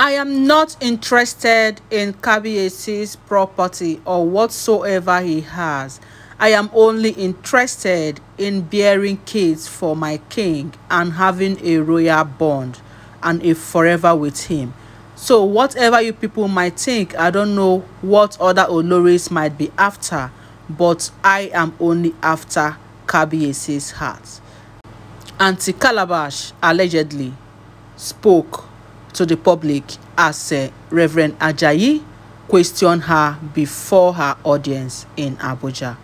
I am not interested in Kabiesi's property or whatsoever he has. I am only interested in bearing kids for my king and having a royal bond and a forever with him. So whatever you people might think, I don't know what other Oloris might be after, but I am only after Kabiesi's heart. Auntie Calabash allegedly spoke to the public as uh, Reverend Ajayi questioned her before her audience in Abuja.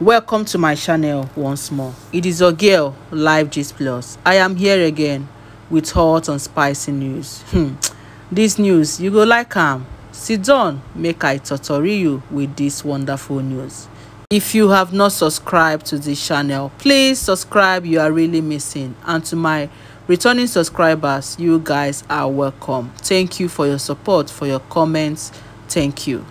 Welcome to my channel once more. It is your girl, Live Gist Plus. I am here again with hot and spicy news. Hmm. This news, you go like am. Sit down, make I totori you with this wonderful news. If you have not subscribed to this channel, please subscribe, you are really missing. And to my returning subscribers you guys are welcome thank you for your support for your comments thank you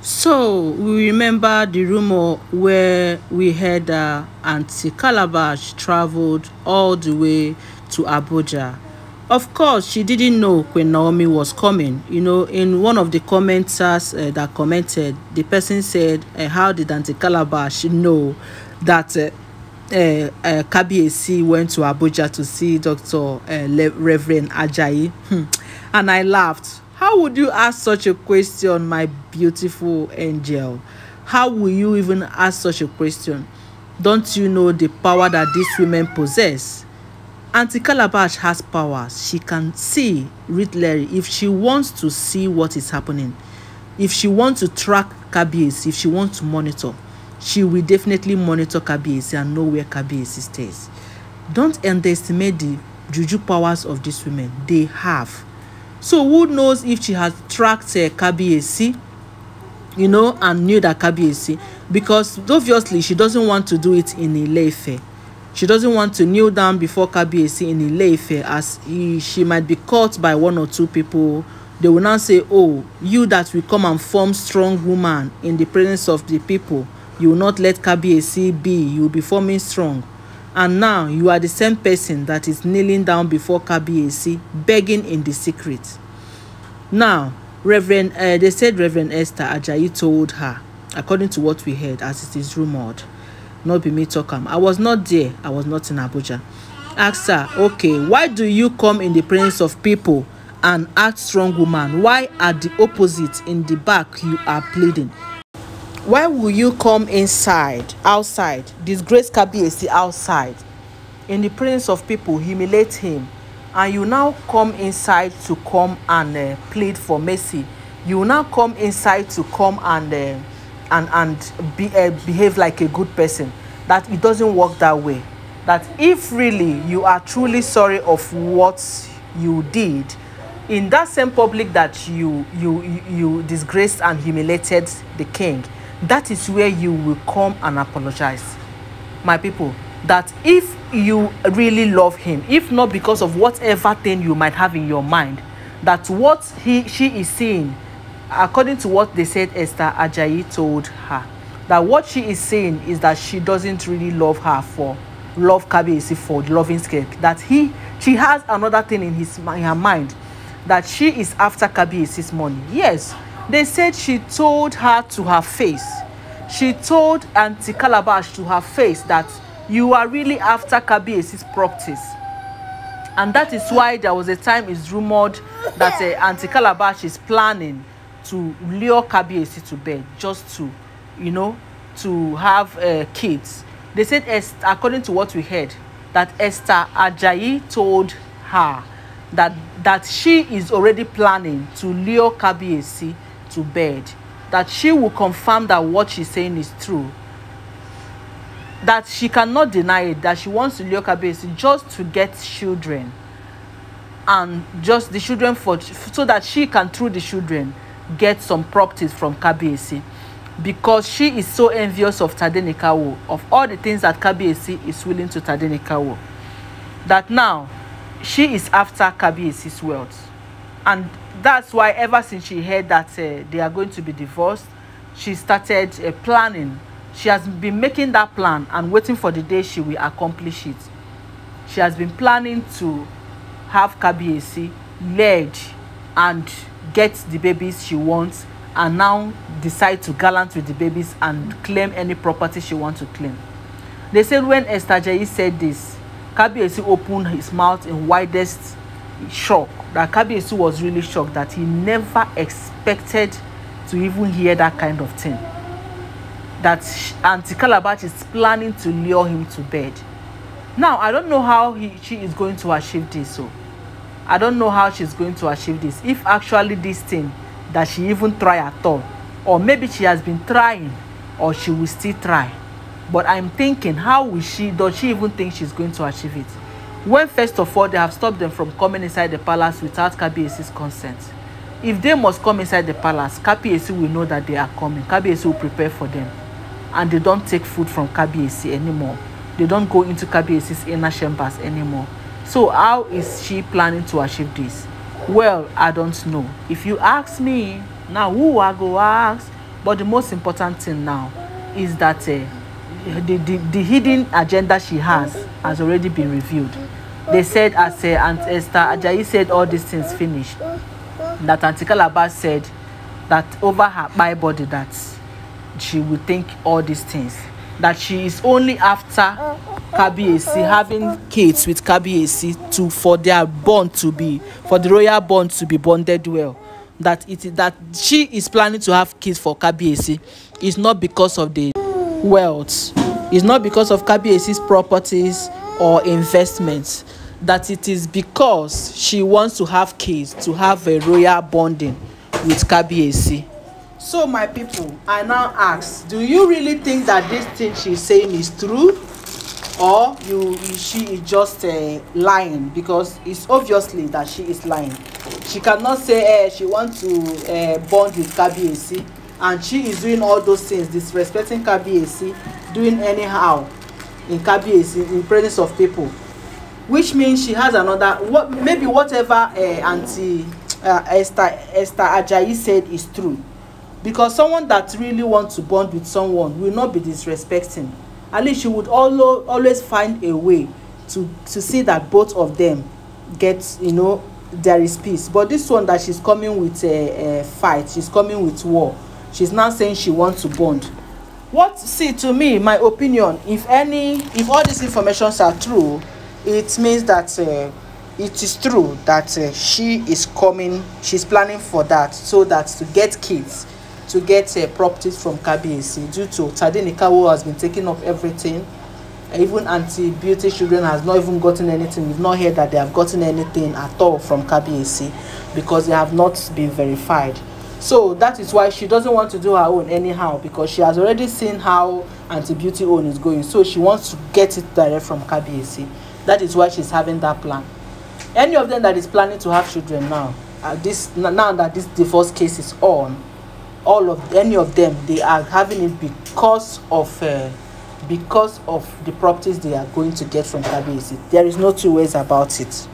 so we remember the rumor where we heard uh, auntie calabash traveled all the way to abuja of course she didn't know when naomi was coming you know in one of the commenters uh, that commented the person said uh, how did auntie calabash know that uh, uh, eh, uh, eh, Kabiesi went to Abuja to see Doctor Uh, Le Reverend Ajayi, hmm. and I laughed. How would you ask such a question, my beautiful angel? How will you even ask such a question? Don't you know the power that these women possess? Auntie Calabash has power. She can see, read Larry, if she wants to see what is happening, if she wants to track Kabiesi, if she wants to monitor. She will definitely monitor Kabiyesi and know where Kabiyesi stays. Don't underestimate the juju powers of these women. They have. So who knows if she has tracked uh, Kabiyesi, you know, and knew that Kabiyesi, because obviously she doesn't want to do it in ile She doesn't want to kneel down before Kabiyesi in ile as he, she might be caught by one or two people they will now say oh you that will come and form strong woman in the presence of the people you will not let kabiyesi be you will be forming strong and now you are the same person that is kneeling down before kabiyesi begging in the secret now reverend uh, they said reverend esther ajayi told her according to what we heard as it is rumored, not be me talk am i was not there i was not in abuja ask her okay why do you come in the presence of people and act strong woman why at the opposite in the back you are pleading why will you come inside outside disgrace kabiyesi outside in the presence of people humiliate him and you now come inside to come and uh, plead for mercy you now come inside to come and uh, and and be, uh, behave like a good person that it doesn't work that way that if really you are truly sorry of what you did in that same public that you you you, you disgraced and humiliated the king that is where you will come and apologize my people that if you really love him if not because of whatever thing you might have in your mind that what he she is seeing according to what they said Esther Ajayi told her that what she is saying is that she doesn't really love her for love Kabiyesi for loving sake that he she has another thing in his in her mind that she is after Kabiyesi's money yes They said she told her to her face. She told Auntie Calabash to her face that you are really after Kabiesi's properties. And that is why there was a time it's rumored that uh, Auntie Calabash is planning to lure Kabiesi to bed just to, you know, to have uh, kids. They said, according to what we heard, that Esther Ajayi told her that, that she is already planning to lure Kabiesi to bed, that she will confirm that what she's saying is true. That she cannot deny it, that she wants to look at base just to get children and just the children for so that she can through the children get some properties from Kabiesi because she is so envious of Tadenikawo of all the things that Kabiesi is willing to Tadenikawo that now she is after Kabiesi's wealth and that's why ever since she heard that uh, they are going to be divorced she started uh, planning she has been making that plan and waiting for the day she will accomplish it she has been planning to have KBAc led and get the babies she wants and now decide to gallant with the babies and claim any property she wants to claim they said when esther jayi said this KBAc opened his mouth in widest shock that Kabiyesi was really shocked that he never expected to even hear that kind of thing that aunty is planning to lure him to bed now i don't know how he she is going to achieve this so oh. i don't know how she's going to achieve this if actually this thing that she even try at all or maybe she has been trying or she will still try but i'm thinking how will she does she even think she's going to achieve it when first of all they have stopped them from coming inside the palace without Kabiesi's consent. If they must come inside the palace, Kabiesi will know that they are coming. Kabiesi will prepare for them. And they don't take food from Kabiesi anymore. They don't go into Kabiesi's inner chambers anymore. So how is she planning to achieve this? Well, I don't know. If you ask me, now who I go ask? But the most important thing now is that uh, the, the, the hidden agenda she has has already been revealed. they said as uh, Aunt Esther Ajayi said all these things finished, that Auntie Calabar said that over her by body that she will think all these things. That she is only after Kabiesi having kids with Kabiesi to for their bond to be for the royal bond to be bonded well. That it that she is planning to have kids for Kabiesi is not because of the wealth. It's not because of Kabiesi's properties or investments that it is because she wants to have kids to have a royal bonding with Kabiyesi. So my people, I now ask, do you really think that this thing she's saying is true? Or you she is just uh, lying because it's obviously that she is lying. She cannot say uh, she wants to uh, bond with Kabiyesi and she is doing all those things, disrespecting Kabiyesi, doing anyhow in cabbies in presence of people which means she has another what maybe whatever uh, aunty uh, Esther Esther Ajayi said is true because someone that really wants to bond with someone will not be disrespecting at least she would always always find a way to to see that both of them get you know there is peace but this one that she's coming with a, eh, a eh, fight she's coming with war she's now saying she wants to bond what see to me my opinion if any if all these informations are true it means that uh, it is true that uh, she is coming she's planning for that so that to get kids to get uh, properties from kabiyesi due to who has been taking up everything even Auntie beauty children has not even gotten anything we've not heard that they have gotten anything at all from kabiyesi because they have not been verified So that is why she doesn't want to do her own anyhow because she has already seen how anti Beauty own is going. So she wants to get it direct from KBAC. That is why she's having that plan. Any of them that is planning to have children now, uh, this now that this divorce case is on, all of any of them they are having it because of uh, because of the properties they are going to get from KBAC. There is no two ways about it.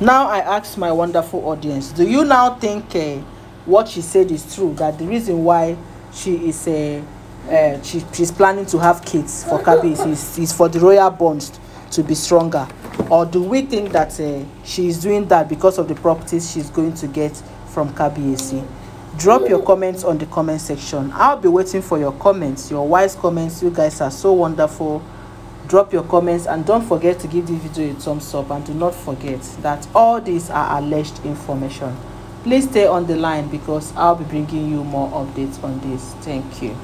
Now I ask my wonderful audience, do you now think? Uh, what she said is true that the reason why she is a uh, uh, she, she's planning to have kids for Kabi is, is, for the royal bonds to be stronger or do we think that uh, she is doing that because of the properties she's going to get from KBAC? Drop your comments on the comment section. I'll be waiting for your comments, your wise comments. You guys are so wonderful. Drop your comments and don't forget to give the video a thumbs up and do not forget that all these are alleged information. Please stay on the line because I'll be bringing you more updates on this. Thank you.